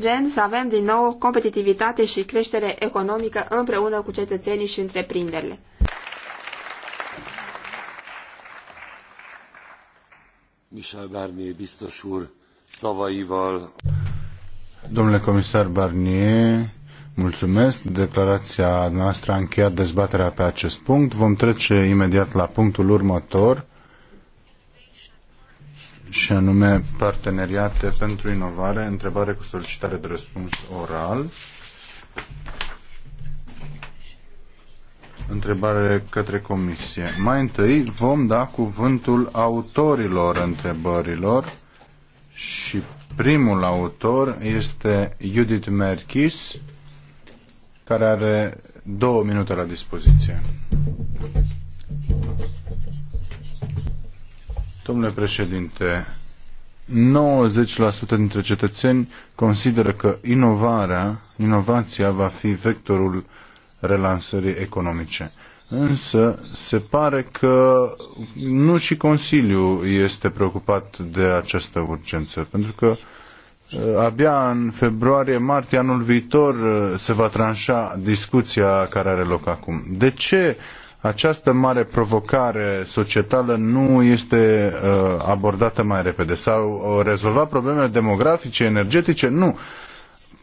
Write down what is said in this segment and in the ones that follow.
gen să avem din nou competitivitate și creștere economică împreună cu cetățenii și întreprinderile. Michel Barnier Bistoșur, savaival. Domnule comisar Barnier, mulțumesc. Declarația noastră a încheiat dezbaterea pe acest punct. Vom trece imediat la punctul următor și anume parteneriate pentru inovare, întrebare cu solicitare de răspuns oral. Întrebare către comisie. Mai întâi vom da cuvântul autorilor întrebărilor și primul autor este Judith Merkis, care are două minute la dispoziție. Domnule președinte, 90% dintre cetățeni consideră că inovarea, inovația va fi vectorul relansării economice. Însă se pare că nu și Consiliul este preocupat de această urgență, pentru că uh, abia în februarie-martie anul viitor uh, se va tranșa discuția care are loc acum. De ce uh, această mare provocare societală nu este uh, abordată mai repede. S-au uh, rezolvat problemele demografice, energetice? Nu.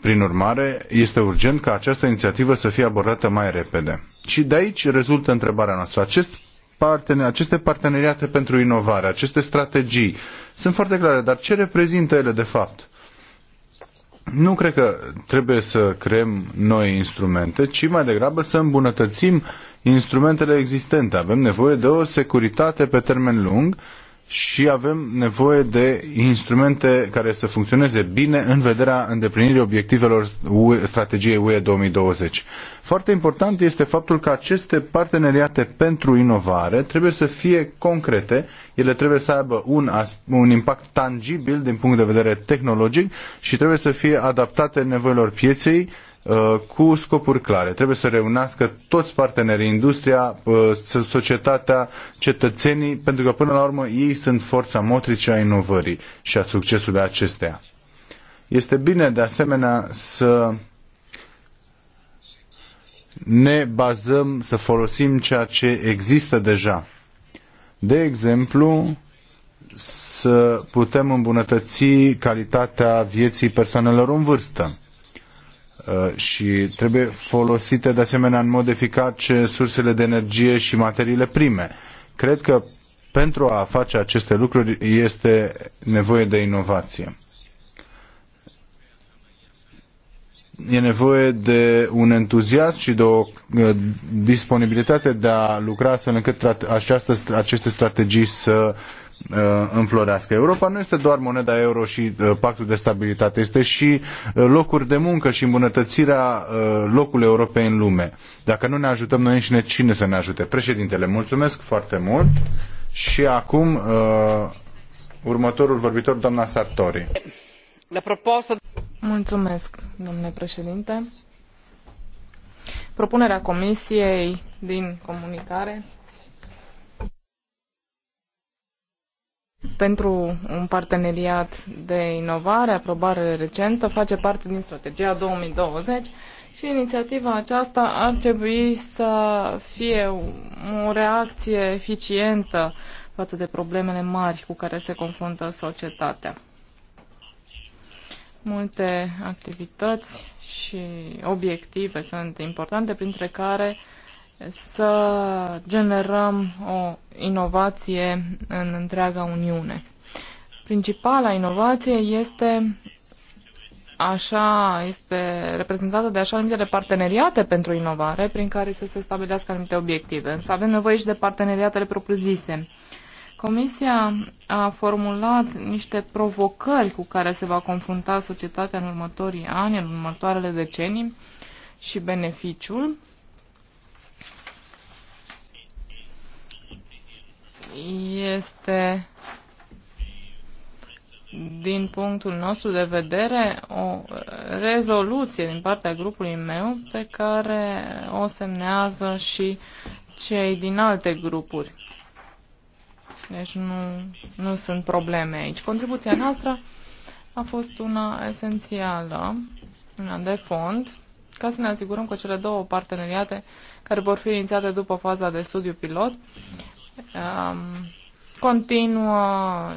Prin urmare, este urgent ca această inițiativă să fie abordată mai repede. Și de aici rezultă întrebarea noastră. Acest partener, aceste parteneriate pentru inovare, aceste strategii, sunt foarte clare, dar ce reprezintă ele de fapt? Nu cred că trebuie să creăm noi instrumente, ci mai degrabă să îmbunătățim uh, instrumentele existente. Avem nevoie de o securitate pe termen lung și avem nevoie de instrumente care să funcționeze bine în vederea îndeplinirii obiectivelor strategiei UE 2020. Foarte important este faptul că aceste parteneriate pentru inovare trebuie să fie concrete, ele trebuie să aibă un, un impact tangibil din punct de vedere tehnologic și trebuie să fie adaptate nevoilor pieței Uh, cu scopuri clare. Trebuie să reunească toți partenerii, industria, uh, societatea, cetățenii, pentru că până la urmă ei sunt forța motrice a inovării și a succesului acesteia. Este bine de asemenea să ne bazăm, să folosim ceea ce există deja. De exemplu, să putem îmbunătăți calitatea vieții persoanelor în vârstă Uh, și trebuie folosite de asemenea în mod eficace sursele de energie și materiile prime. Cred că pentru a face aceste lucruri este nevoie de inovație. E nevoie de un entuziasm și de o uh, disponibilitate de a lucra astfel încât aceste strategii să Uh, înflorească. Europa nu este doar moneda euro și uh, pactul de stabilitate, este și uh, locuri de muncă și îmbunătățirea locului Europei în lume. Dacă nu ne ajutăm noi înșine, cine să ne ajute? Președintele, mulțumesc foarte mult și acum următorul vorbitor, doamna Sartori. Mulțumesc, domnule președinte. Propunerea Comisiei din comunicare pentru un parteneriat de inovare, aprobare recentă, face parte din strategia 2020 și inițiativa aceasta ar trebui să fie o reacție eficientă față de problemele mari cu care se confruntă societatea. Multe activități și obiective sunt importante, printre care uh, să generăm o inovație în întreaga Uniune. Principala inovație este așa este reprezentată de așa numitele parteneriate pentru inovare, prin care să se stabilească anumite obiective. Însă avem nevoie și de parteneriatele propriu-zise. Comisia a formulat niște provocări cu care se va confrunta societatea în următorii ani, în următoarele decenii și beneficiul este din punctul nostru de vedere, o rezoluție din partea grupului meu pe care o semnează și cei din alte grupuri. Deci nu, nu sunt probleme aici. Contribuția noastră a fost una esențială, una de fond, ca să ne asigurăm că cele două parteneriate care vor fi inițiate după faza de studiu pilot um, continuă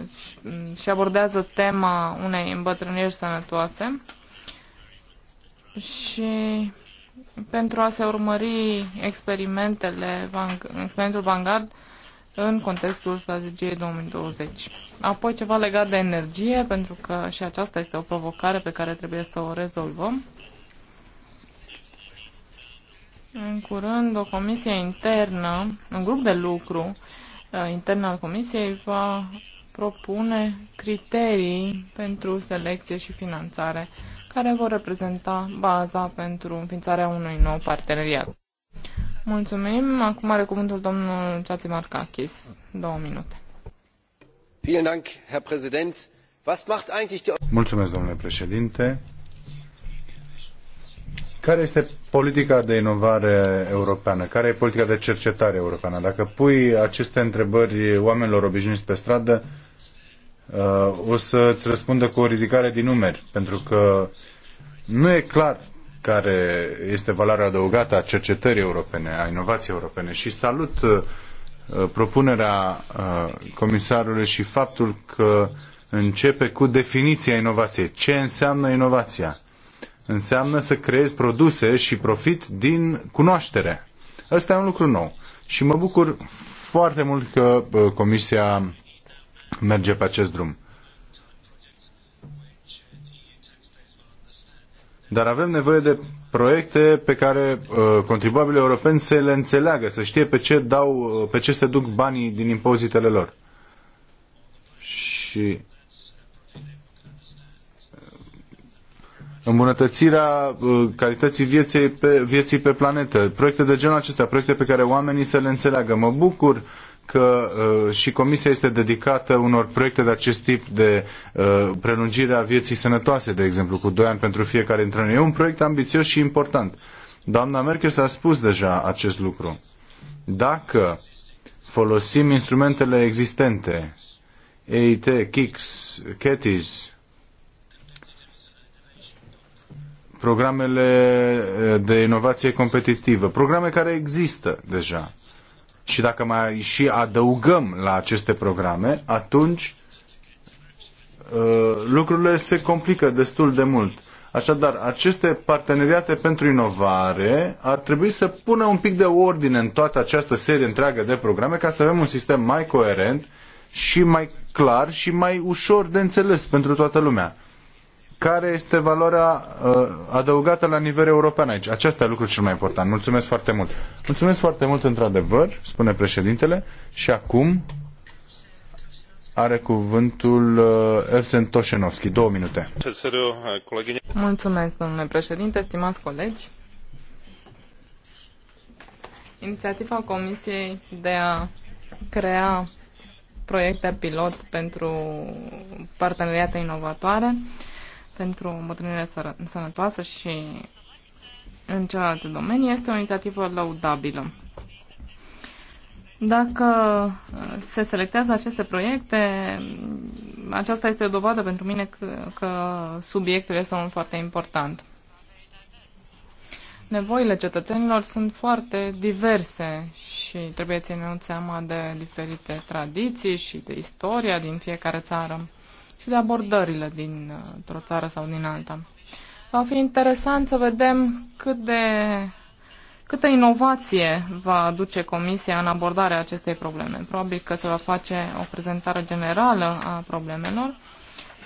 și abordează tema unei îmbătrâniri sănătoase și pentru a se urmări experimentele, experimentul Vanguard în contextul strategiei 2020. Apoi ceva legat de energie, pentru că și aceasta este o provocare pe care trebuie să o rezolvăm în curând o comisie internă, un grup de lucru uh, intern al comisiei va propune criterii pentru selecție și finanțare care vor reprezenta baza pentru înființarea unui nou parteneriat. Mulțumim. Acum are cuvântul domnul Ceați Marcachis. Două minute. Mulțumesc, domnule președinte. Care este politica de inovare europeană? Care e politica de cercetare europeană? Dacă pui aceste întrebări oamenilor obișnuiți pe stradă, uh, o să-ți răspundă cu o ridicare din numeri, pentru că nu e clar care este valoarea adăugată a cercetării europene, a inovației europene și salut uh, propunerea uh, comisarului și faptul că începe cu definiția inovației. Ce înseamnă inovația? înseamnă să creezi produse și profit din cunoaștere. Ăsta e un lucru nou. Și mă bucur foarte mult că Comisia merge pe acest drum. Dar avem nevoie de proiecte pe care uh, contribuabilii europeni să le înțeleagă, să știe pe ce, dau, pe ce se duc banii din impozitele lor. Și îmbunătățirea uh, calității vieții pe, vieții pe planetă, proiecte de genul acesta, proiecte pe care oamenii să le înțeleagă. Mă bucur că uh, și Comisia este dedicată unor proiecte de acest tip de uh, prelungire a vieții sănătoase, de exemplu, cu doi ani pentru fiecare dintre noi. E un proiect ambițios și important. Doamna Merkel s-a spus deja acest lucru. Dacă folosim instrumentele existente, EIT, KICS, CATIS, programele eh, de inovație competitivă, programe care există deja. Și dacă mai și adăugăm la aceste programe, atunci eh, lucrurile se complică destul de mult. Așadar, aceste parteneriate pentru inovare ar trebui să pună un pic de ordine în toată această serie întreagă de programe ca să avem un sistem mai coerent și mai clar și mai ușor de înțeles pentru toată lumea care este valoarea uh, adăugată la nivel european aici. Acesta e lucrul cel mai important. Mulțumesc foarte mult. Mulțumesc foarte mult, într-adevăr, spune președintele. Și acum are cuvântul uh, Efsen Toșenovski. Două minute. Mulțumesc, domnule președinte, stimați colegi. Inițiativa Comisiei de a crea proiecte pilot pentru parteneriate inovatoare uh, pentru îmbătrânire sănătoasă și în celelalte domenii este o inițiativă laudabilă. Dacă uh, se selectează aceste proiecte, aceasta este o dovadă pentru mine că, că subiectul este unul foarte important. Nevoile cetățenilor sunt foarte diverse și trebuie ținut seama de diferite tradiții și de istoria din fiecare țară și de abordările dintr-o țară sau din alta. Va fi interesant să vedem cât de, câtă inovație va aduce Comisia în abordarea acestei probleme. Probabil că se va face o prezentare generală a problemelor,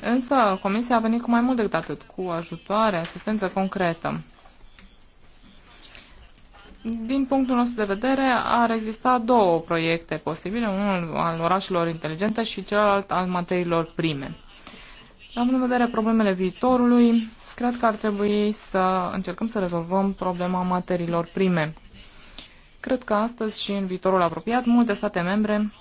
însă Comisia a venit cu mai mult decât atât, cu ajutoare, asistență concretă. Din punctul nostru de vedere, ar exista două proiecte posibile, unul al orașelor inteligente și celălalt al materiilor prime. Având în vedere problemele viitorului, cred că ar trebui să încercăm să rezolvăm problema materiilor prime. Cred că astăzi și în viitorul apropiat, multe state membre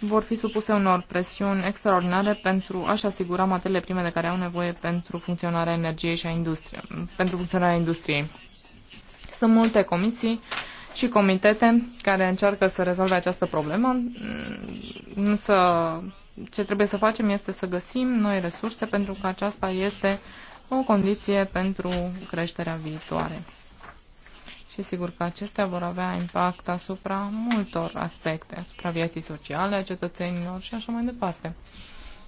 vor fi supuse unor presiuni extraordinare pentru a-și asigura materiile prime de care au nevoie pentru funcționarea energiei și a industriei, pentru funcționarea industriei. Sunt multe comisii și comitete care încearcă să rezolve această problemă, însă ce trebuie să facem este să găsim noi resurse pentru că aceasta este o condiție pentru creșterea viitoare. Și sigur că acestea vor avea impact asupra multor aspecte, asupra vieții sociale a cetățenilor și așa mai departe.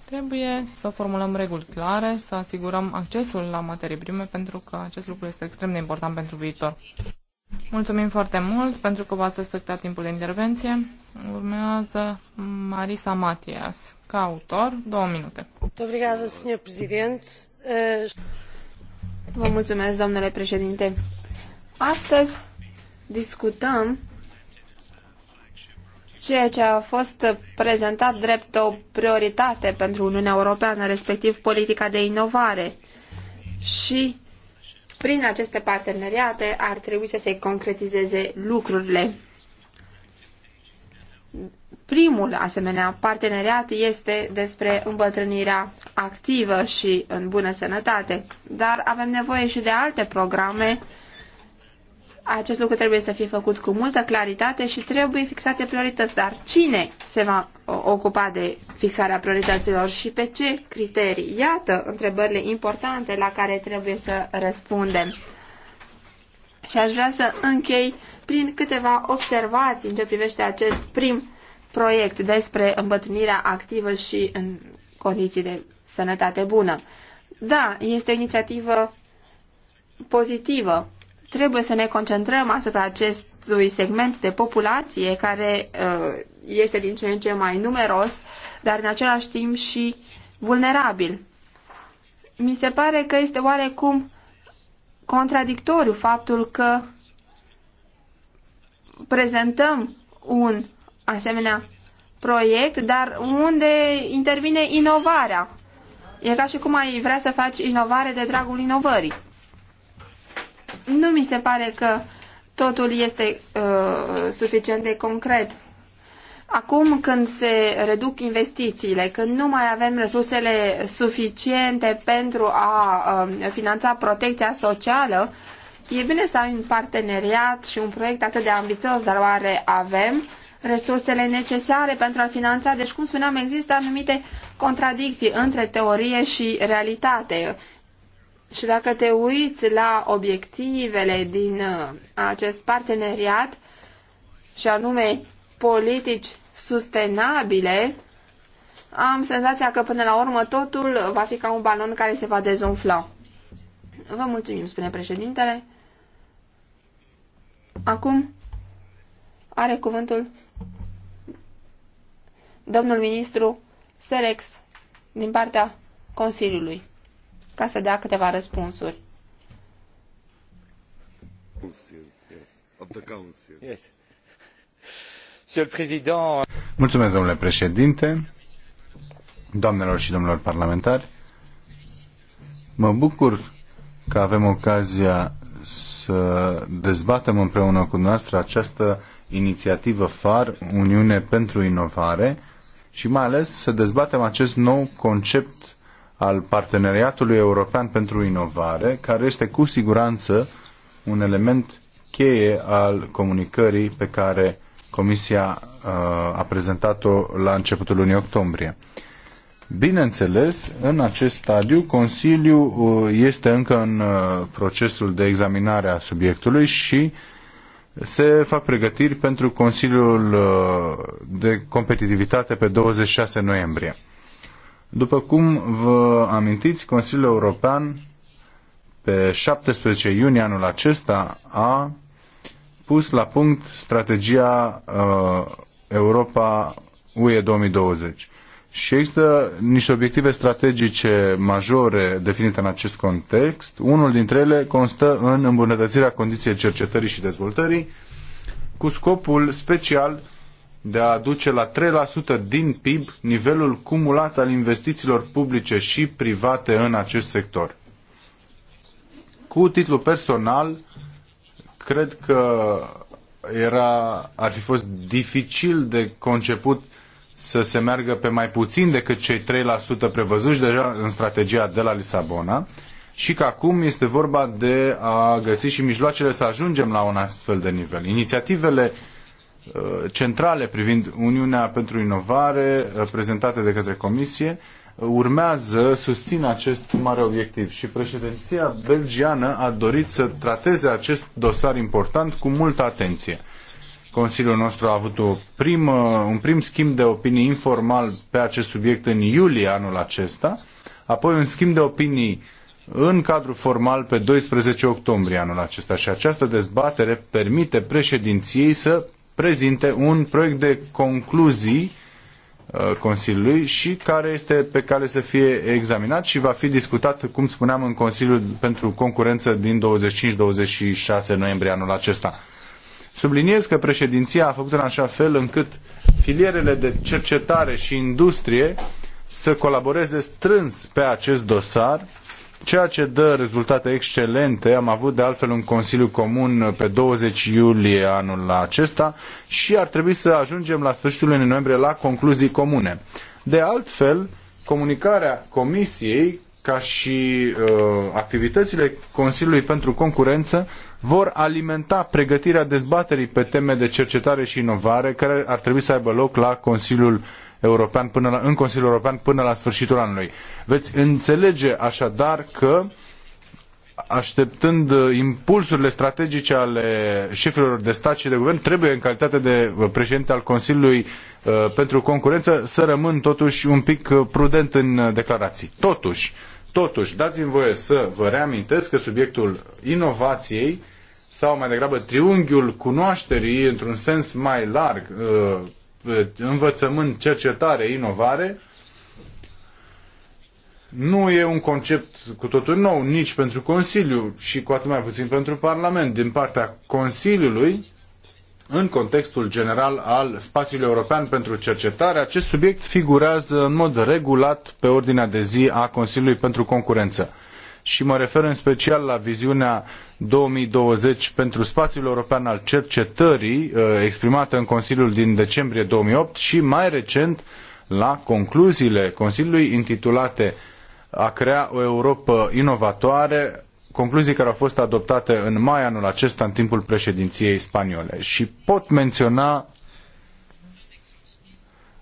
Trebuie să formulăm reguli clare, să asigurăm accesul la materii prime, pentru că acest lucru este extrem de important pentru viitor. Mulțumim foarte mult pentru că v-ați respectat timpul de intervenție. Urmează Marisa Matias, ca autor, două minute. Eh, Vă mulțumesc, domnule președinte. Astăzi discutăm ceea ce a fost prezentat drept o prioritate pentru Uniunea Europeană, respectiv politica de inovare. Și prin aceste parteneriate ar trebui să se concretizeze lucrurile. Primul asemenea parteneriat este despre îmbătrânirea activă și în bună sănătate, dar avem nevoie și de alte programe acest lucru trebuie să fie făcut cu multă claritate și trebuie fixate priorități. Dar cine se va ocupa de fixarea priorităților și pe ce criterii? Iată întrebările importante la care trebuie să răspundem. Și aș vrea să închei prin câteva observații în ce privește acest prim proiect despre îmbătrânirea activă și în condiții de sănătate bună. Da, este o inițiativă pozitivă Trebuie să ne concentrăm asupra acestui segment de populație care uh, este din ce în ce mai numeros, dar în același timp și vulnerabil. Mi se pare că este oarecum contradictoriu faptul că prezentăm un asemenea proiect, dar unde intervine inovarea. E ca și cum ai vrea să faci inovare de dragul inovării nu mi se pare că totul este uh, suficient de concret. Acum când se reduc investițiile, când nu mai avem resursele suficiente pentru a uh, finanța protecția socială, e bine să ai un parteneriat și un proiect atât de ambițios, dar oare avem resursele necesare pentru a finanța? Deci, cum spuneam, există anumite contradicții între teorie și realitate. Uh, și dacă te uiți la obiectivele din uh, acest parteneriat, și anume politici sustenabile, am senzația că până la urmă totul va fi ca un balon care se va dezumfla. Vă mulțumim, spune președintele. Acum are cuvântul domnul ministru Selex din partea Consiliului ca să dea câteva răspunsuri. Mulțumesc, domnule președinte, doamnelor și domnilor parlamentari. Mă bucur că avem ocazia să dezbatem împreună cu noastră această inițiativă FAR, Uniune pentru Inovare, și mai ales să dezbatem acest nou concept al Parteneriatului European pentru Inovare, care este cu siguranță un element cheie al comunicării pe care Comisia uh, a prezentat-o la începutul lunii octombrie. Bineînțeles, în acest stadiu, Consiliul uh, este încă în uh, procesul de examinare a subiectului și se fac pregătiri pentru Consiliul de Competitivitate pe 26 noiembrie. După cum vă amintiți, Consiliul European pe 17 iunie anul acesta a pus la punct strategia uh, Europa UE 2020. Și există niște obiective strategice majore definite în acest context. Unul dintre ele constă în îmbunătățirea condiției cercetării și dezvoltării cu scopul special de a aduce la 3% din PIB nivelul cumulat al investițiilor publice și private în acest sector. Cu titlu personal, cred că era, ar fi fost dificil de conceput să se meargă pe mai puțin decât cei 3% prevăzuți deja în strategia de la Lisabona și că acum este vorba de a găsi și mijloacele să ajungem la un astfel de nivel. Inițiativele uh, Uh, centrale privind Uniunea pentru Inovare uh, prezentate de către Comisie uh, urmează, susțin acest mare obiectiv și președinția belgiană a dorit să trateze acest dosar important cu multă atenție. Consiliul nostru a avut o primă, un prim schimb de opinii informal pe acest subiect în iulie anul acesta, apoi un schimb de opinii în cadrul formal pe 12 octombrie anul acesta și această dezbatere permite președinției să prezinte un proiect de concluzii uh, Consiliului și care este pe cale să fie examinat și va fi discutat, cum spuneam, în Consiliul pentru Concurență din 25-26 noiembrie anul acesta. Subliniez că președinția a făcut în așa fel încât filierele de cercetare și industrie să colaboreze strâns pe acest dosar ceea ce dă rezultate excelente. Am avut de altfel un Consiliu Comun pe 20 iulie anul acesta și ar trebui să ajungem la sfârșitul lunii noiembrie la concluzii comune. De altfel, comunicarea Comisiei ca și uh, activitățile Consiliului pentru Concurență vor alimenta pregătirea dezbaterii pe teme de cercetare și inovare care ar trebui să aibă loc la Consiliul European până la, în Consiliul European până la sfârșitul anului. Veți înțelege așadar că așteptând impulsurile strategice ale șefilor de stat și de guvern, trebuie în calitate de președinte al Consiliului uh, pentru concurență să rămân totuși un pic prudent în declarații. Totuși, totuși, dați-mi voie să vă reamintesc că subiectul inovației sau mai degrabă triunghiul cunoașterii într-un sens mai larg, uh, Eh, învățământ, cercetare, inovare, nu e un concept cu totul nou nici pentru Consiliu și cu atât mai puțin pentru Parlament. Din partea Consiliului, în contextul general al spațiului european pentru cercetare, acest subiect figurează în mod regulat pe ordinea de zi a Consiliului pentru Concurență și mă refer în special la viziunea 2020 pentru spațiul european al cercetării uh, exprimată în Consiliul din decembrie 2008 și mai recent la concluziile Consiliului intitulate a crea o Europă inovatoare, concluzii care au fost adoptate în mai anul acesta în timpul președinției spaniole. Și pot menționa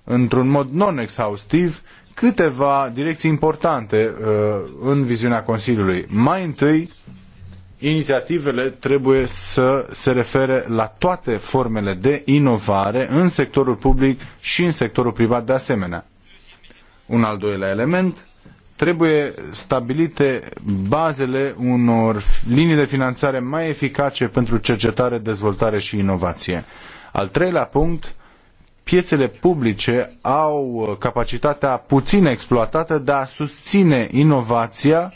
într-un mod non-exhaustiv câteva direcții importante uh, în viziunea Consiliului. Mai întâi, inițiativele trebuie să se refere la toate formele de inovare în sectorul public și în sectorul privat de asemenea. Un al doilea element, trebuie stabilite bazele unor linii de finanțare mai eficace pentru cercetare, dezvoltare și inovație. Al treilea punct, piețele publice au uh, capacitatea puțin exploatată de a susține inovația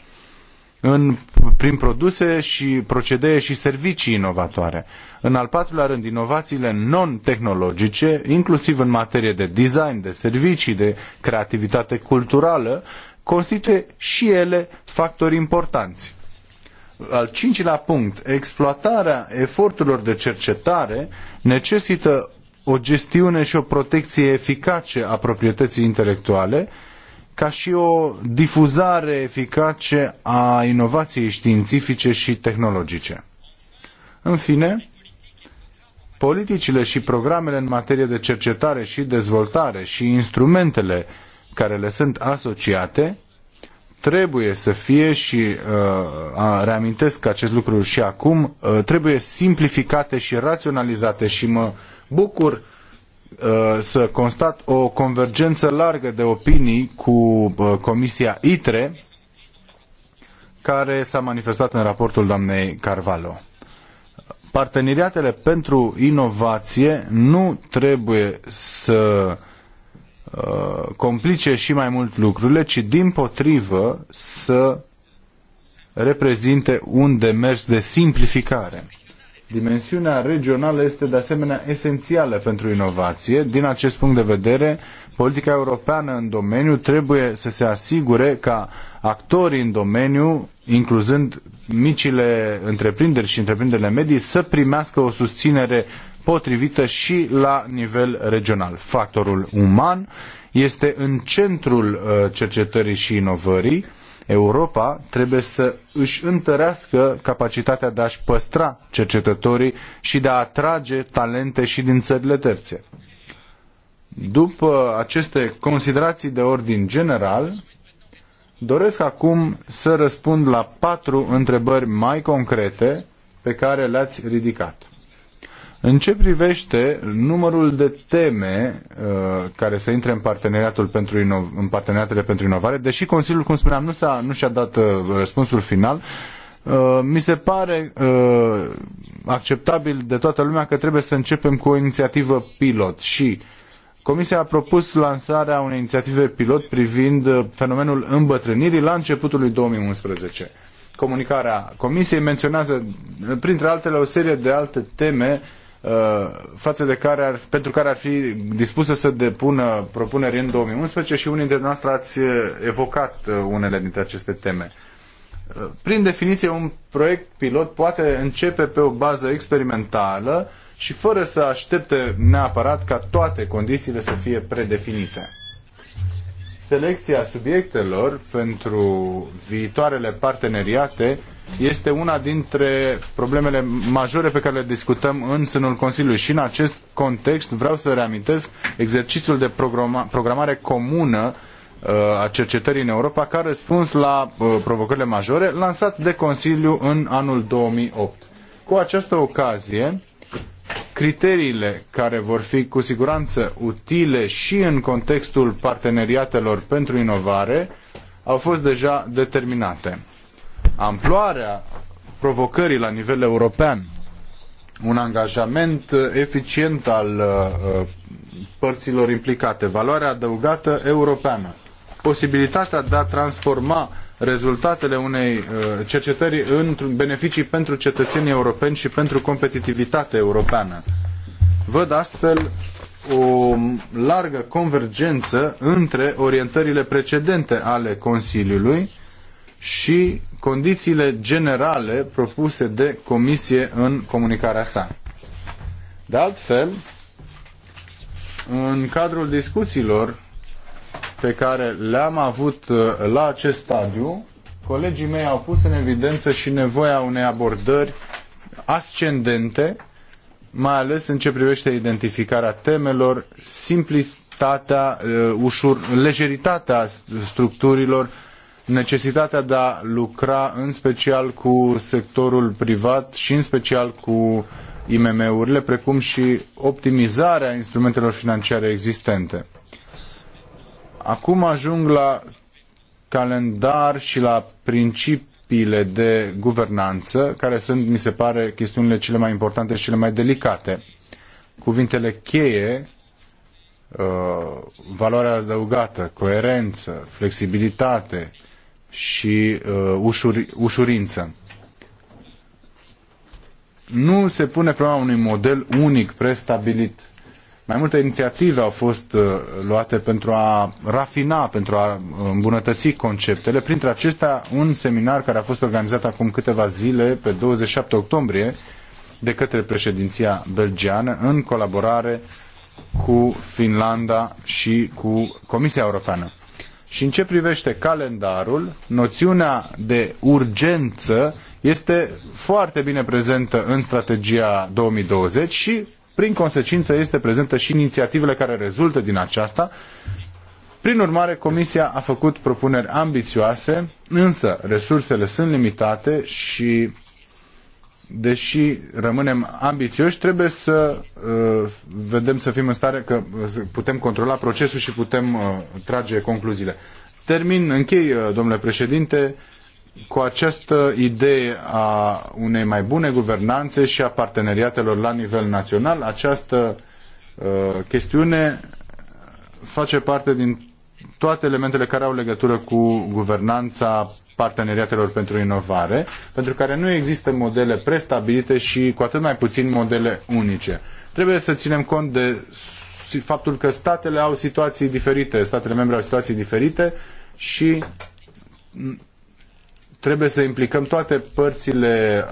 în, prin produse și procedee și servicii inovatoare. În al patrulea rând, inovațiile non-tehnologice, inclusiv în materie de design, de servicii, de creativitate culturală, constituie și ele factori importanți. Al cincilea punct, exploatarea eforturilor de cercetare necesită o gestiune și o protecție eficace a proprietății intelectuale, ca și o difuzare eficace a inovației științifice și tehnologice. În fine, politicile și programele în materie de cercetare și dezvoltare și instrumentele care le sunt asociate trebuie să fie și uh, reamintesc că acest lucru și acum, uh, trebuie simplificate și raționalizate și mă bucur uh, să constat o convergență largă de opinii cu uh, Comisia ITRE care s-a manifestat în raportul doamnei Carvalho. Parteneriatele pentru inovație nu trebuie să Uh, complice și mai mult lucrurile, ci din potrivă să reprezinte un demers de simplificare. Dimensiunea regională este de asemenea esențială pentru inovație. Din acest punct de vedere, politica europeană în domeniu trebuie să se asigure ca actorii în domeniu, incluzând micile întreprinderi și întreprinderile medii, să primească o susținere potrivită și la nivel regional. Factorul uman este în centrul uh, cercetării și inovării. Europa trebuie să își întărească capacitatea de a-și păstra cercetătorii și de a atrage talente și din țările terțe. După aceste considerații de ordin general, doresc acum să răspund la patru întrebări mai concrete pe care le-ați ridicat. În ce privește numărul de teme uh, care să intre în, parteneriatul pentru în parteneriatele pentru inovare, deși Consiliul, cum spuneam, nu, s-a, nu și-a dat uh, răspunsul final, uh, mi se pare uh, acceptabil de toată lumea că trebuie să începem cu o inițiativă pilot și Comisia a propus lansarea unei inițiative pilot privind uh, fenomenul îmbătrânirii la începutul lui 2011 comunicarea Comisiei menționează, printre altele, o serie de alte teme uh, Uh, față de care ar, pentru care ar fi dispusă să depună propuneri în 2011 și unii dintre noastre ați uh, evocat uh, unele dintre aceste teme. Prin definiție, un proiect pilot poate începe pe o bază experimentală și fără să aștepte neapărat ca toate condițiile să fie predefinite selecția subiectelor pentru viitoarele parteneriate este una dintre problemele majore pe care le discutăm în sânul Consiliului și în acest context vreau să reamintesc exercițiul de programa, programare comună uh, a cercetării în Europa ca răspuns la uh, provocările majore lansat de Consiliu în anul 2008. Cu această ocazie, criteriile care vor fi cu siguranță utile și în contextul parteneriatelor pentru inovare au fost deja determinate. Amploarea provocării la nivel european, un angajament eficient al uh, părților implicate, valoarea adăugată europeană, posibilitatea de a transforma rezultatele unei uh, cercetări în beneficii pentru cetățenii europeni și pentru competitivitatea europeană. Văd astfel o largă convergență între orientările precedente ale Consiliului și condițiile generale propuse de Comisie în comunicarea sa. De altfel, în cadrul discuțiilor pe care le-am avut uh, la acest stadiu, colegii mei au pus în evidență și nevoia unei abordări ascendente, mai ales în ce privește identificarea temelor, simplitatea, uh, ușur, lejeritatea structurilor, necesitatea de a lucra în special cu sectorul privat și în special cu IMM-urile, precum și optimizarea instrumentelor financiare existente. Acum ajung la calendar și la principiile de guvernanță, care sunt, mi se pare, chestiunile cele mai importante și cele mai delicate. Cuvintele cheie, uh, valoarea adăugată, coerență, flexibilitate și uh, ușuri, ușurință. Nu se pune problema unui model unic prestabilit mai multe inițiative au fost uh, luate pentru a rafina, pentru a uh, îmbunătăți conceptele. Printre acestea, un seminar care a fost organizat acum câteva zile, pe 27 octombrie, de către președinția belgiană, în colaborare cu Finlanda și cu Comisia Europeană. Și în ce privește calendarul, noțiunea de urgență este foarte bine prezentă în strategia 2020 și prin consecință este prezentă și inițiativele care rezultă din aceasta. Prin urmare, Comisia a făcut propuneri ambițioase, însă resursele sunt limitate și deși rămânem ambițioși, trebuie să uh, vedem să fim în stare că uh, putem controla procesul și putem uh, trage concluziile. Termin, închei, uh, domnule președinte, cu această idee a unei mai bune guvernanțe și a parteneriatelor la nivel național, această uh, chestiune face parte din toate elementele care au legătură cu guvernanța parteneriatelor pentru inovare, pentru care nu există modele prestabilite și cu atât mai puțin modele unice. Trebuie să ținem cont de faptul că statele au situații diferite, statele membre au situații diferite și trebuie să implicăm toate părțile,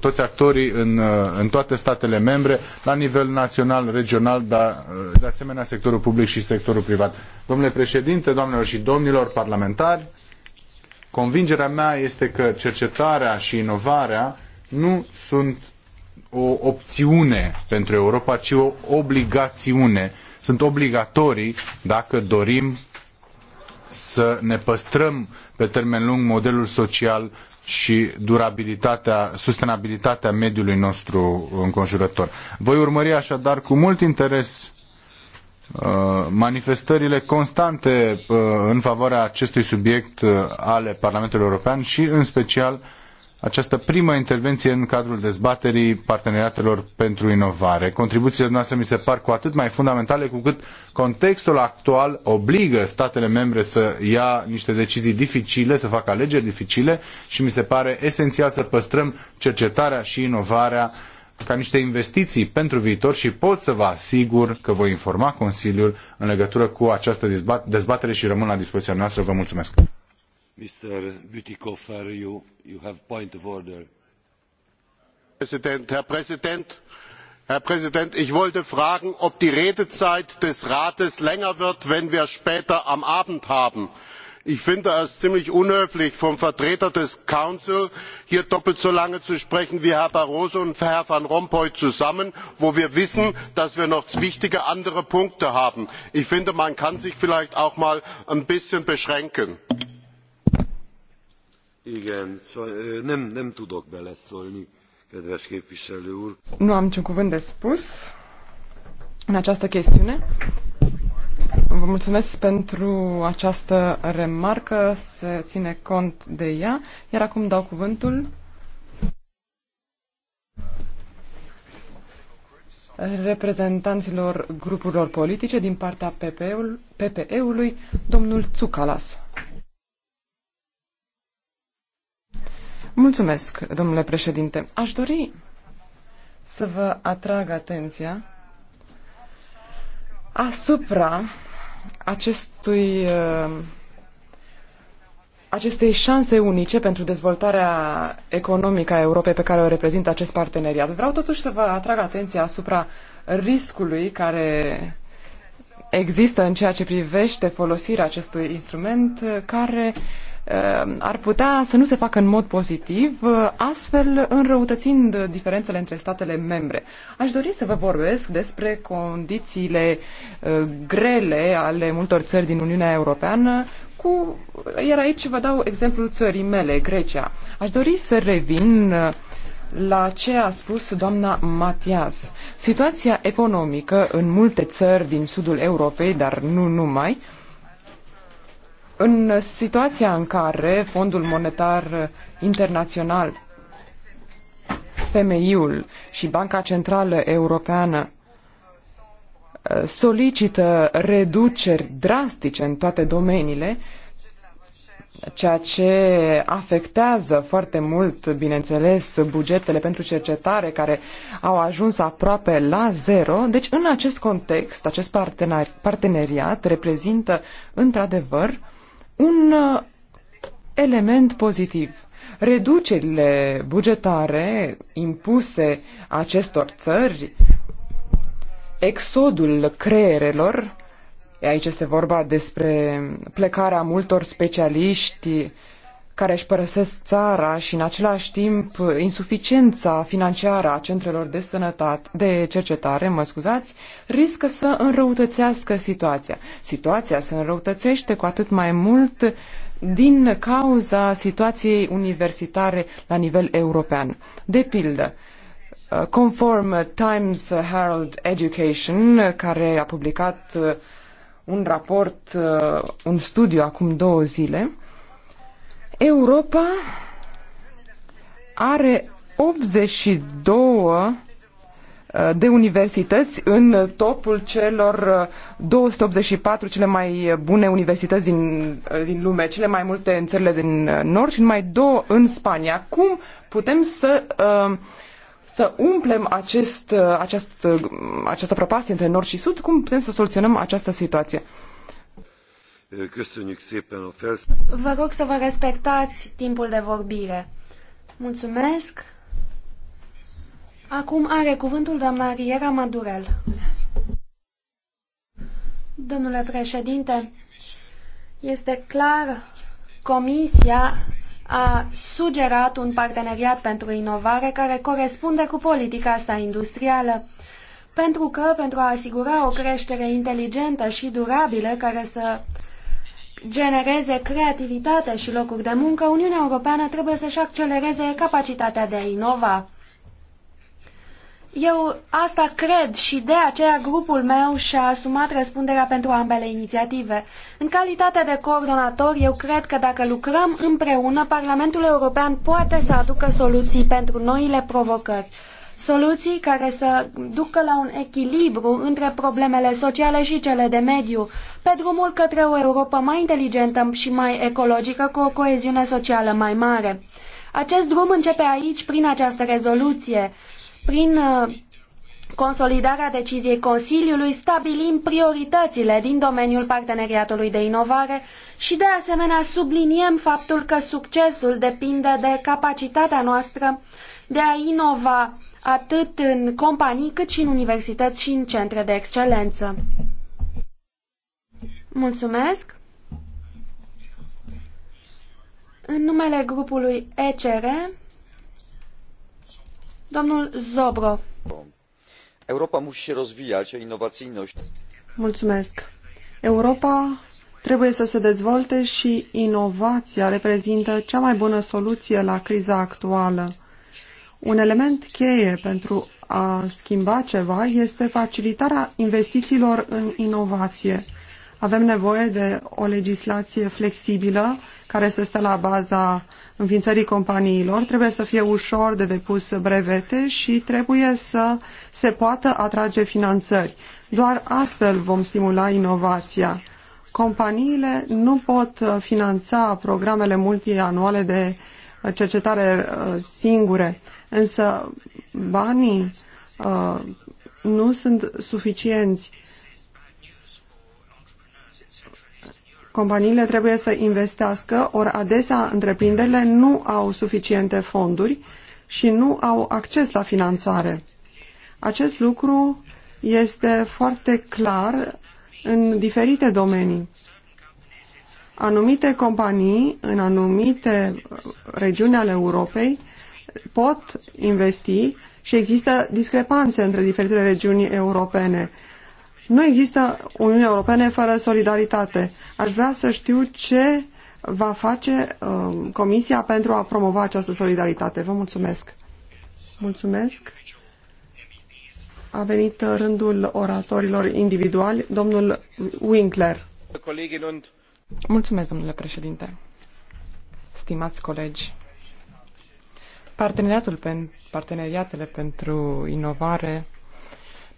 toți actorii în, în toate statele membre, la nivel național, regional, dar de asemenea sectorul public și sectorul privat. Domnule președinte, doamnelor și domnilor parlamentari, convingerea mea este că cercetarea și inovarea nu sunt o opțiune pentru Europa, ci o obligațiune. Sunt obligatorii dacă dorim să ne păstrăm pe termen lung modelul social și durabilitatea, sustenabilitatea mediului nostru înconjurător. Voi urmări așadar cu mult interes uh, manifestările constante uh, în favoarea acestui subiect uh, ale Parlamentului European și în special uh, această primă intervenție în cadrul dezbaterii parteneriatelor pentru inovare. Contribuțiile noastre mi se par cu atât mai fundamentale cu cât contextul actual obligă statele membre să ia niște decizii dificile, să facă alegeri dificile și mi se pare esențial să păstrăm cercetarea și inovarea ca niște investiții pentru viitor și pot să vă asigur că voi informa Consiliul în legătură cu această dezbatere și rămân la dispoziția noastră. Vă mulțumesc! Herr Präsident, ich wollte fragen, ob die Redezeit des Rates länger wird, wenn wir später am Abend haben ich finde es ziemlich unhöflich vom vertreter des rates hier doppelt so lange zu sprechen wie herr barroso und herr van rompuy zusammen wo wir wissen dass wir noch wichtige andere punkte haben. ich finde man kann sich vielleicht auch mal ein bisschen beschränken. Nu am niciun cuvânt de spus în această chestiune. Vă mulțumesc pentru această remarcă, se ține cont de ea, iar acum dau cuvântul reprezentanților grupurilor politice din partea PPE-ului, domnul Tsukalas. Mulțumesc, domnule președinte. Aș dori să vă atrag atenția asupra acestui, uh, acestei șanse unice pentru dezvoltarea economică a Europei pe care o reprezintă acest parteneriat. Vreau totuși să vă atrag atenția asupra riscului care există în ceea ce privește folosirea acestui instrument care uh, Ehm, ar putea să nu se facă în mod pozitiv, eh, astfel înrăutățind diferențele între statele membre. Aș dori să vă vorbesc despre condițiile eh, grele ale multor țări din Uniunea Europeană, cu, iar aici vă dau exemplul țării mele, Grecia. Aș dori să revin eh, la ce a spus doamna Matias. Situația economică în multe țări din sudul Europei, dar nu numai, în situația în care Fondul Monetar Internațional, FMI-ul și Banca Centrală Europeană uh, solicită reduceri drastice în toate domeniile, ceea ce afectează foarte mult, bineînțeles, bugetele pentru cercetare care au ajuns aproape la zero. Deci, în acest context, acest parteneriat reprezintă, într-adevăr, un uh, element pozitiv. Reducerile bugetare impuse acestor țări, exodul creierelor, aici este vorba despre plecarea multor specialiști care își părăsesc țara și în același timp insuficiența financiară a centrelor de sănătate, de cercetare, mă scuzați, riscă să înrăutățească situația. Situația se înrăutățește cu atât mai mult din cauza situației universitare la nivel european. De pildă, conform Times Herald Education, care a publicat un raport, un studiu acum două zile, Europa are 82 uh, de universități în topul celor 284 uh, cele mai bune universități din, uh, din lume, cele mai multe în țările din nord și numai două în Spania. Cum putem să, să umplem acest, acest, această prăpastie între nord și sud? Cum putem să soluționăm această situație? Vă rog să vă respectați timpul de vorbire. Mulțumesc. Acum are cuvântul doamna Riera Madurel. Domnule președinte, este clar, Comisia a sugerat un parteneriat pentru inovare care corespunde cu politica sa industrială pentru că, pentru a asigura o creștere inteligentă și durabilă care să genereze creativitate și locuri de muncă, Uniunea Europeană trebuie să-și accelereze capacitatea de a inova. Eu asta cred și de aceea grupul meu și-a asumat răspunderea pentru ambele inițiative. În calitate de coordonator, eu cred că dacă lucrăm împreună, Parlamentul European poate să aducă soluții pentru noile provocări. Soluții care să ducă la un echilibru între problemele sociale și cele de mediu, pe drumul către o Europa mai inteligentă și mai ecologică cu o coeziune socială mai mare. Acest drum începe aici, prin această rezoluție, prin uh, consolidarea deciziei Consiliului, stabilim prioritățile din domeniul parteneriatului de inovare și, de asemenea, subliniem faptul că succesul depinde de capacitatea noastră de a inova atât în companii cât și în universități și în centre de excelență. Mulțumesc. În numele grupului ECR, domnul Zobro. Europa musi się rozwijać, a innowacyjność... Mulțumesc. Europa trebuie să se dezvolte și inovația reprezintă cea mai bună soluție la criza actuală. Un element cheie pentru a schimba ceva este facilitarea investițiilor în inovație. Avem nevoie de o legislație flexibilă care să stă la baza înființării companiilor, trebuie să fie ușor de depus brevete și trebuie să se poată atrage finanțări. Doar astfel vom stimula inovația. Companiile nu pot finanța programele multianuale de cercetare uh, singure, însă banii uh, nu sunt suficienți companiile trebuie să investească, ori adesea întreprinderile nu au suficiente fonduri și nu au acces la finanțare. Acest lucru este foarte clar în diferite domenii. Anumite companii în anumite regiuni ale Europei pot investi și există discrepanțe între diferitele regiuni europene. Nu există Uniunea Europeană fără solidaritate. Aș vrea să știu ce va face uh, Comisia pentru a promova această solidaritate. Vă mulțumesc. Mulțumesc. A venit rândul oratorilor individuali, domnul Winkler. Mulțumesc, domnule președinte. Stimați colegi, parteneriatul pen, parteneriatele pentru inovare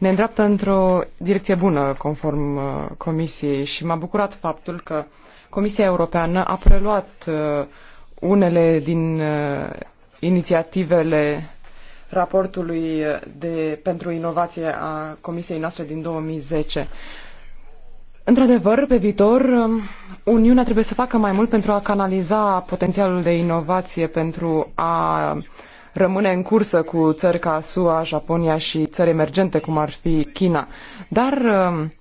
ne îndreaptă într-o direcție bună, conform uh, Comisiei, și m-a bucurat faptul că Comisia Europeană a preluat uh, unele din uh, inițiativele raportului de, pentru inovație a Comisiei noastre din 2010. Într-adevăr, pe viitor, um, Uniunea trebuie să facă mai mult pentru a canaliza potențialul de inovație, pentru a rămâne în cursă cu țări ca SUA, Japonia și țări emergente cum ar fi China. Dar um,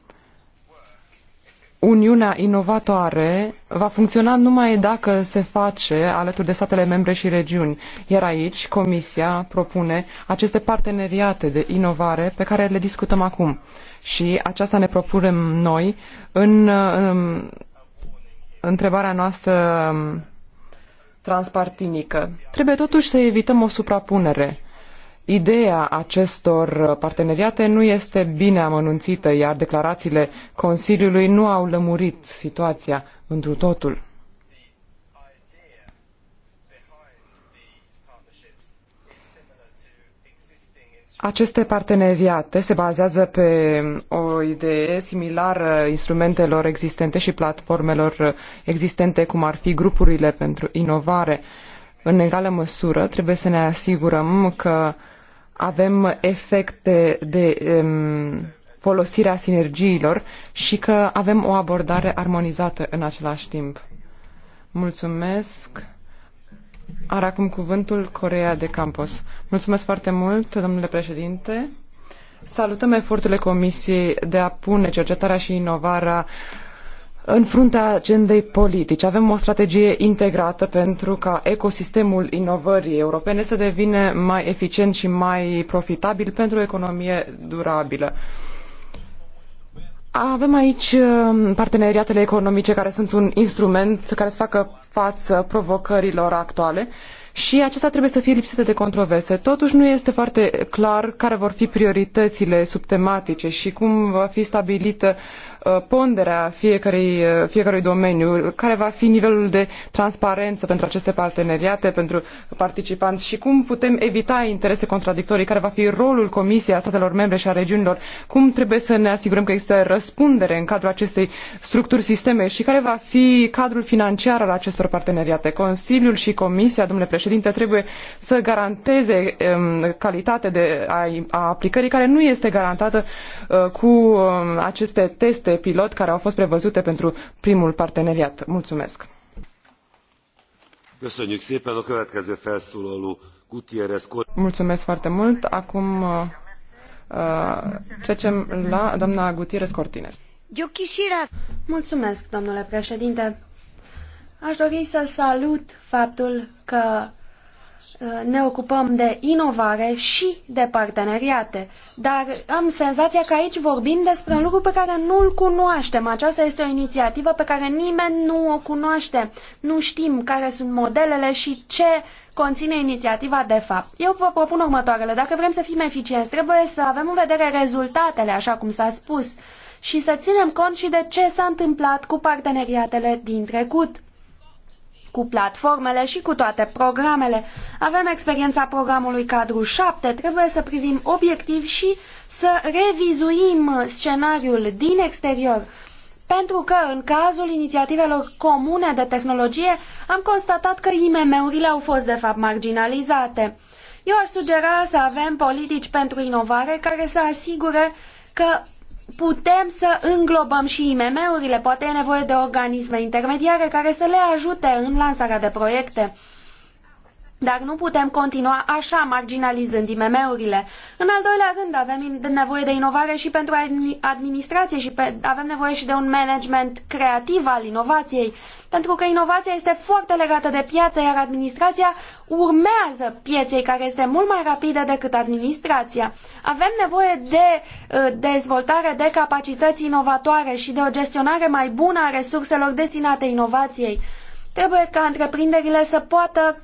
Uniunea inovatoare va funcționa numai dacă se face alături de statele membre și regiuni. Iar aici Comisia propune aceste parteneriate de inovare pe care le discutăm acum. Și aceasta ne propunem noi în, în um, întrebarea noastră um, transpartinică. Trebuie totuși să evităm o suprapunere. Ideea acestor parteneriate nu este bine amănunțită, iar declarațiile Consiliului nu au lămurit situația întru totul. Aceste parteneriate se bazează pe o idee similară instrumentelor existente și platformelor existente, cum ar fi grupurile pentru inovare. În egală măsură, trebuie să ne asigurăm că avem efecte de um, folosirea sinergiilor și că avem o abordare armonizată în același timp. Mulțumesc! Are acum cuvântul Corea de Campos. Mulțumesc foarte mult, domnule președinte. Salutăm eforturile Comisiei de a pune cercetarea și inovarea în fruntea agendei politice. Avem o strategie integrată pentru ca ecosistemul inovării europene să devină mai eficient și mai profitabil pentru o economie durabilă. Avem aici uh, parteneriatele economice care sunt un instrument care să facă față provocărilor actuale și acesta trebuie să fie lipsită de controverse. Totuși nu este foarte clar care vor fi prioritățile subtematice și cum va fi stabilită Uh, ponderea fiecărui, uh, fiecărui domeniu, care va fi nivelul de transparență pentru aceste parteneriate, pentru participanți și cum putem evita interese contradictorii, care va fi rolul Comisiei a statelor membre și a regiunilor, cum trebuie să ne asigurăm că există răspundere în cadrul acestei structuri sisteme și care va fi cadrul financiar al acestor parteneriate. Consiliul și Comisia, domnule președinte, trebuie să garanteze um, calitate de, a, a aplicării care nu este garantată uh, cu um, aceste teste proiecte pilot care au fost prevăzute pentru primul parteneriat. Mulțumesc! Mulțumesc foarte mult. Acum uh, trecem la doamna Gutierrez Cortines. Mulțumesc, domnule președinte. Aș dori să salut faptul că ne ocupăm de inovare și de parteneriate, dar am senzația că aici vorbim despre un lucru pe care nu-l cunoaștem. Aceasta este o inițiativă pe care nimeni nu o cunoaște. Nu știm care sunt modelele și ce conține inițiativa de fapt. Eu vă propun următoarele. Dacă vrem să fim eficienți, trebuie să avem în vedere rezultatele, așa cum s-a spus, și să ținem cont și de ce s-a întâmplat cu parteneriatele din trecut cu platformele și cu toate programele. Avem experiența programului cadru 7, trebuie să privim obiectiv și să revizuim scenariul din exterior. Pentru că, în cazul inițiativelor comune de tehnologie, am constatat că IMM-urile au fost, de fapt, marginalizate. Eu aș sugera să avem politici pentru inovare care să asigure că putem să înglobăm și IMM-urile. Poate e nevoie de organisme intermediare care să le ajute în lansarea de proiecte. Dar nu putem continua așa, marginalizând IMM-urile. În al doilea rând, avem nevoie de inovare și pentru administrație și pe, avem nevoie și de un management creativ al inovației, pentru că inovația este foarte legată de piață, iar administrația urmează pieței, care este mult mai rapidă decât administrația. Avem nevoie de uh, dezvoltare de capacități inovatoare și de o gestionare mai bună a resurselor destinate inovației. Trebuie ca întreprinderile să poată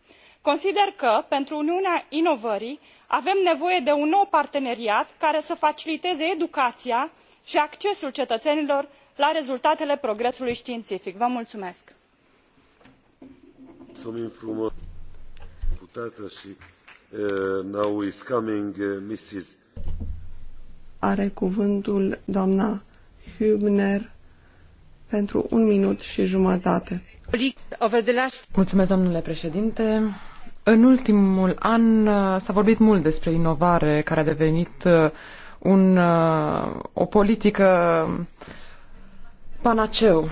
consider că pentru uniunea inovării avem nevoie de un nou parteneriat care să faciliteze educaia i accesul cetăenilor la rezultatele progresului tiinific. vă Are cuvântul pentru un minut și jumătate. Mulțumesc, domnule președinte. În ultimul an uh, s-a vorbit mult despre inovare, care a devenit uh, un, uh, o politică panaceu.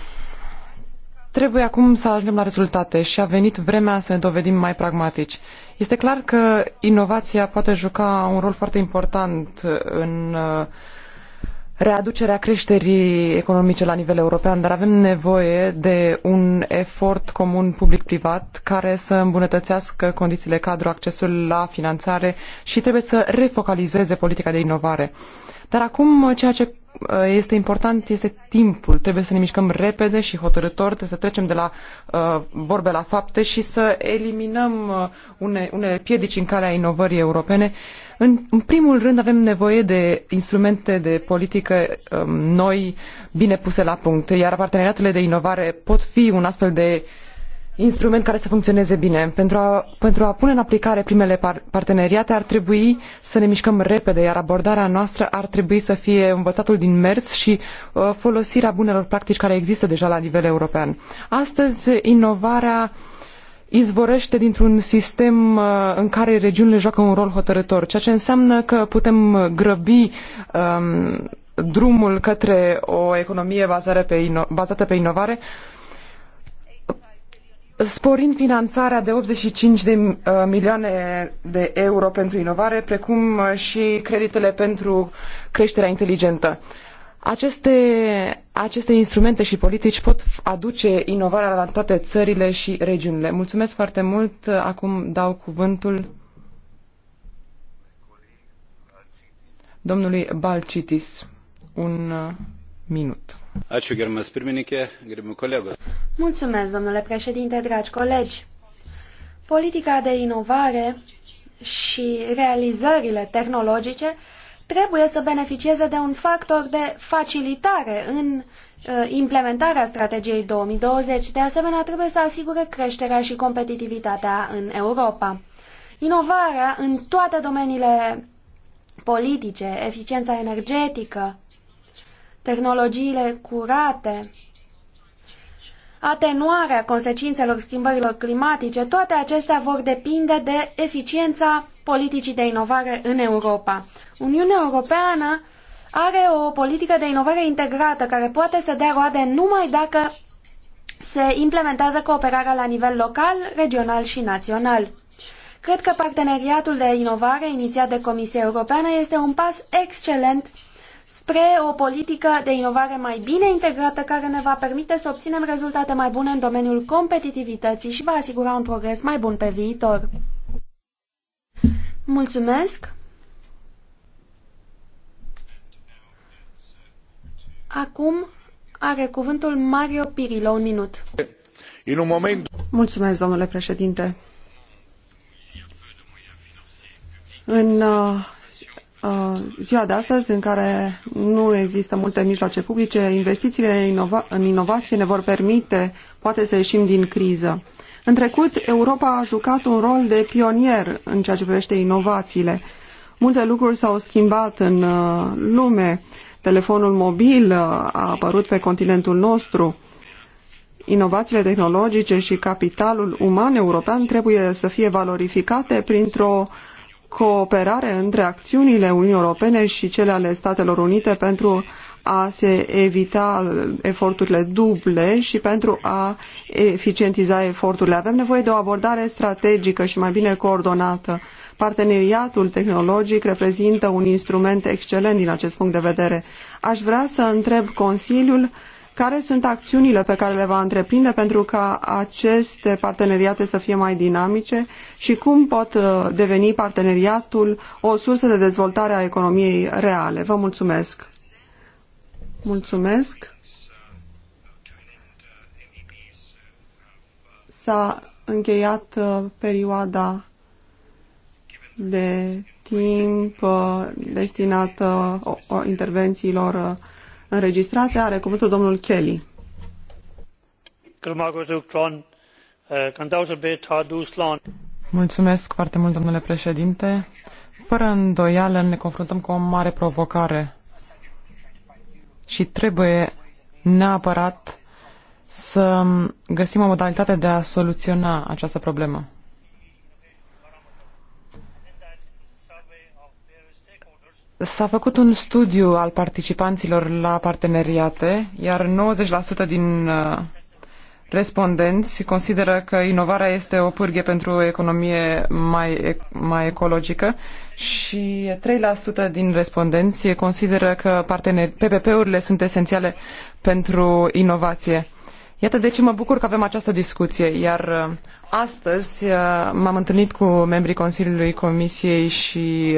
Trebuie acum să ajungem la rezultate și a venit vremea să ne dovedim mai pragmatici. Este clar că inovația poate juca un rol foarte important în readucerea creșterii economice la nivel european, dar avem nevoie de un efort comun public-privat care să îmbunătățească condițiile cadru, accesul la finanțare și trebuie să refocalizeze politica de inovare. Dar acum ceea ce uh, este important este timpul. Trebuie să ne mișcăm repede și hotărător, trebuie să trecem de la uh, vorbe la fapte și să eliminăm uh, une, unele piedici în calea inovării europene uh, în, în primul rând avem nevoie de instrumente de politică um, noi, bine puse la punct, iar parteneriatele de inovare pot fi un astfel de instrument care să funcționeze bine. Pentru a, pentru a pune în aplicare primele par parteneriate ar trebui să ne mișcăm repede, iar abordarea noastră ar trebui să fie învățatul din mers și uh, folosirea bunelor practici care există deja la nivel european. Astăzi, inovarea uh, izvorăște dintr-un sistem uh, în care regiunile joacă un rol hotărător, ceea ce înseamnă că putem grăbi um, drumul către o economie bazată pe, ino- bazată pe inovare, sporind finanțarea de 85 de uh, milioane de euro pentru inovare, precum uh, și creditele pentru creșterea inteligentă. Aceste aceste instrumente și politici pot aduce inovarea la toate țările și regiunile. Mulțumesc foarte mult. Acum dau cuvântul domnului Balcitis. Un minut. Ačiū, gerbiamas pirmininkė, gerbiami kolegos. Mulțumesc, domnule președinte, dragi colegi. Politica de inovare și realizările tehnologice trebuie să beneficieze de un factor de facilitare în uh, implementarea strategiei 2020. De asemenea, trebuie să asigure creșterea și competitivitatea în Europa. Inovarea în toate domeniile politice, eficiența energetică, tehnologiile curate, atenuarea consecințelor schimbărilor climatice, toate acestea vor depinde de eficiența politicii de inovare în Europa. Uniunea Europeană are o politică de inovare integrată care poate să dea roade numai dacă se implementează cooperarea la nivel local, regional și național. Cred că parteneriatul de inovare inițiat de Comisia Europeană este un pas excelent spre o politică de inovare mai bine integrată care ne va permite să obținem rezultate mai bune în domeniul competitivității și va asigura un progres mai bun pe viitor. Mulțumesc! Acum are cuvântul Mario Pirilo, un minut. În un moment... Mulțumesc, domnule președinte. În uh, Uh, ziua de astăzi, în care nu există multe mijloace publice, investițiile inova în inovație ne vor permite, poate, să ieșim din criză. În trecut, Europa a jucat un rol de pionier în ceea ce privește inovațiile. Multe lucruri s-au schimbat în uh, lume. Telefonul mobil uh, a apărut pe continentul nostru. Inovațiile tehnologice și capitalul uman european trebuie să fie valorificate printr-o cooperare între acțiunile Uniunii Europene și cele ale Statelor Unite pentru a se evita uh, eforturile duble și pentru a eficientiza eforturile. Avem nevoie de o abordare strategică și mai bine coordonată. Parteneriatul tehnologic reprezintă un instrument excelent din acest punct de vedere. Aș vrea să întreb Consiliul care sunt acțiunile pe care le va întreprinde pentru ca aceste parteneriate să fie mai dinamice și cum pot uh, deveni parteneriatul o sursă de dezvoltare a economiei reale. Vă mulțumesc! Mulțumesc! S-a încheiat uh, perioada de timp uh, destinată intervențiilor înregistrate. Are cuvântul domnul Kelly. Mulțumesc foarte mult, domnule președinte. Fără îndoială ne confruntăm cu o mare provocare și trebuie neapărat să găsim o modalitate de a soluționa această problemă. S-a făcut un studiu al participanților la parteneriate, iar 90% din uh, respondenți consideră că inovarea este o pârghie pentru o economie mai, mai ecologică și 3% din respondenți consideră că PPP-urile sunt esențiale pentru inovație. Iată de ce mă bucur că avem această discuție, iar uh, astăzi uh, m-am întâlnit cu membrii Consiliului Comisiei și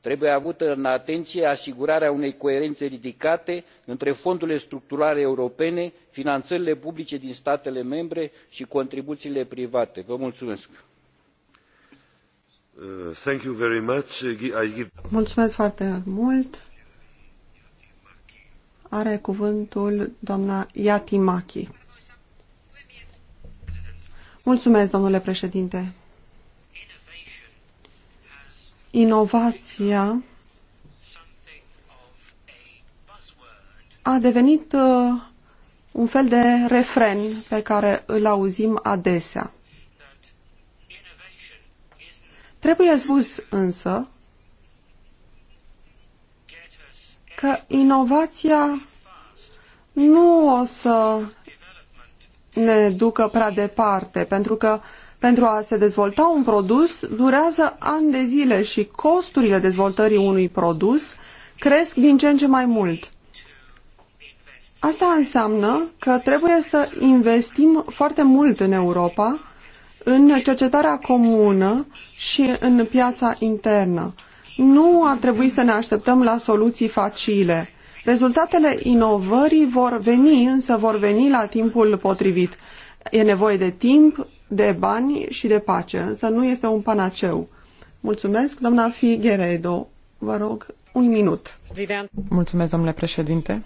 trebuie avută în atenie asigurarea unei coerene ridicate între fondurile structurale europene finanările publice din statele membre i contribuiile private. Vă mulțumesc. Uh, uh, mulțumesc foarte mult. Are cuvântul doamna Mulțumesc, domnule președinte inovația a devenit uh, un fel de refren pe care îl auzim adesea. Trebuie spus însă că inovația nu o să ne ducă prea departe, pentru că pentru a se dezvolta un produs durează ani de zile și costurile dezvoltării unui produs cresc din ce în ce mai mult. Asta înseamnă că trebuie să investim foarte mult în Europa în cercetarea comună și în piața internă. Nu ar trebui să ne așteptăm la soluții facile. Rezultatele inovării vor veni, însă vor veni la timpul potrivit. E nevoie de timp, de bani și de pace, însă nu este un panaceu. Mulțumesc, doamna Figueredo. Vă rog, un minut. Mulțumesc, domnule președinte.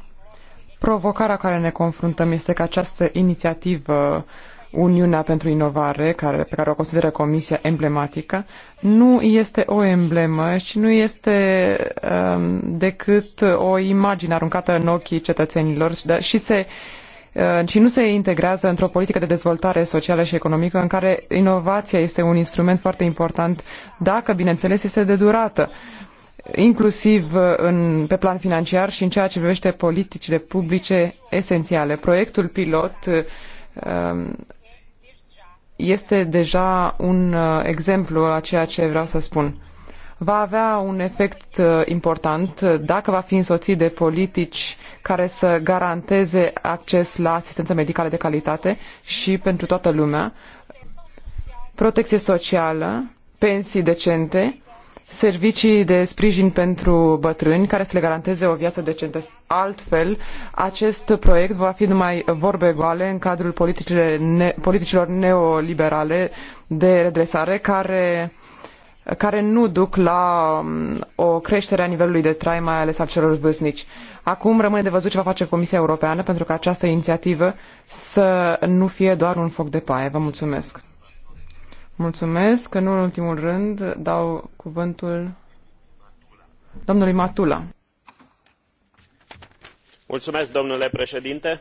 Provocarea care ne confruntăm este că această inițiativă Uniunea pentru Inovare, care, pe care o consideră Comisia emblematică, nu este o emblemă și nu este um, decât o imagine aruncată în ochii cetățenilor și, de, și se uh, Uh, și nu se integrează într-o politică de dezvoltare socială și economică în care inovația este un instrument foarte important, dacă, bineînțeles, este de durată inclusiv uh, în, pe plan financiar și în ceea ce privește politicile publice esențiale. Proiectul pilot uh, um, este deja un exemplu a ceea ce vreau să spun va avea un efect uh, important dacă va fi însoțit de politici care să garanteze acces la asistență medicală de calitate și pentru toată lumea, protecție socială, pensii decente, servicii de sprijin pentru bătrâni care să le garanteze o viață decentă. Altfel, acest proiect va fi numai vorbe goale în cadrul politicilor neoliberale de redresare care care nu duc la um, o creștere a nivelului de trai, mai ales al celor vârstnici. Acum rămâne de văzut ce va face Comisia Europeană pentru ca această inițiativă să nu fie doar un foc de paie. Vă mulțumesc. Mulțumesc. Nu în ultimul rând dau cuvântul domnului Matula. Mulțumesc, domnule președinte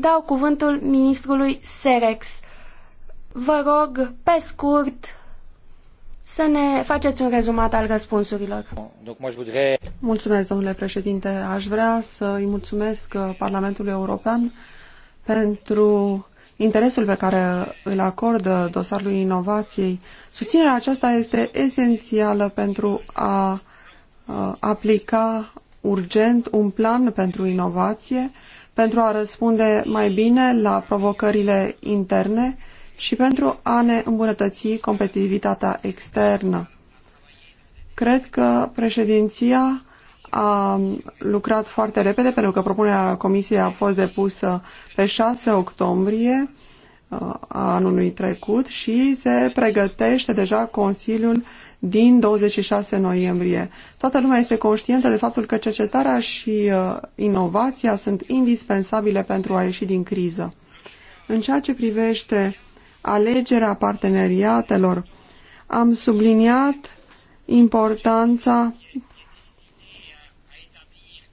dau cuvântul ministrului Serex. Vă rog, pe scurt, să ne faceți un rezumat al răspunsurilor. Mulțumesc, domnule președinte. Aș vrea să îi mulțumesc uh, Parlamentului European pentru interesul pe care îl acordă dosarului inovației. Susținerea aceasta este esențială pentru a uh, aplica urgent un plan pentru inovație pentru a răspunde mai bine la provocările interne și pentru a ne îmbunătăți competitivitatea externă. Cred că președinția a lucrat foarte repede pentru că propunerea comisiei a fost depusă pe 6 octombrie uh, a anului trecut și se pregătește deja Consiliul din 26 noiembrie. Toată lumea este conștientă de faptul că cercetarea și uh, inovația sunt indispensabile pentru a ieși din criză. În ceea ce privește alegerea parteneriatelor, am subliniat importanța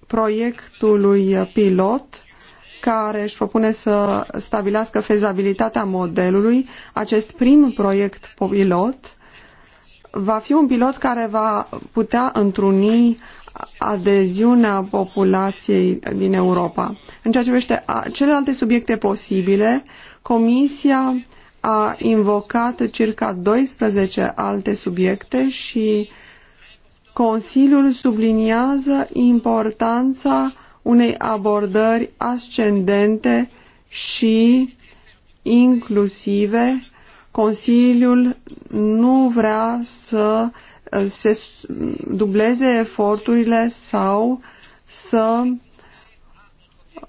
proiectului pilot care își propune să stabilească fezabilitatea modelului. Acest prim proiect pilot va fi un pilot care va putea întruni adeziunea populației din Europa. În ceea ce privește celelalte subiecte posibile, Comisia a invocat circa 12 alte subiecte și Consiliul subliniază importanța unei abordări ascendente și inclusive Consiliul nu vrea să uh, se dubleze eforturile sau să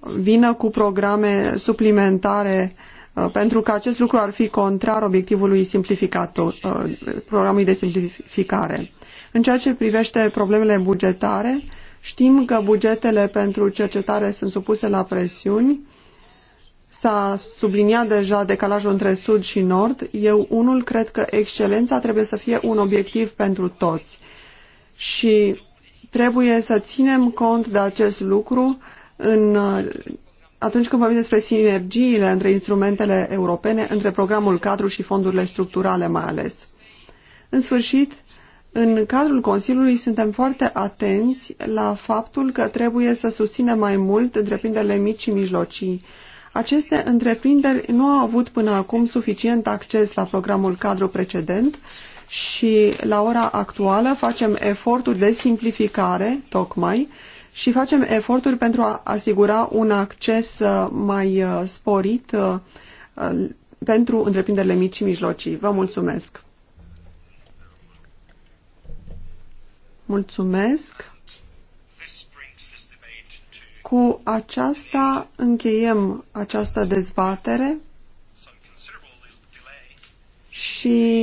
vină cu programe suplimentare uh, pentru că acest lucru ar fi contrar obiectivului simplificator, uh, programului de simplificare. În ceea ce privește problemele bugetare, știm că bugetele pentru cercetare sunt supuse la presiuni S-a subliniat deja decalajul între sud și nord. Eu unul cred că excelența trebuie să fie un obiectiv pentru toți. Și trebuie să ținem cont de acest lucru în, atunci când vorbim despre sinergiile între instrumentele europene, între programul cadru și fondurile structurale mai ales. În sfârșit, în cadrul Consiliului suntem foarte atenți la faptul că trebuie să susținem mai mult întreprinderile mici și mijlocii aceste întreprinderi nu au avut până acum suficient acces la programul cadru precedent și la ora actuală facem eforturi de simplificare, tocmai, și facem eforturi pentru a asigura un acces uh, mai uh, sporit uh, pentru întreprinderile mici și mijlocii. Vă mulțumesc! Mulțumesc! Cu aceasta încheiem această dezbatere și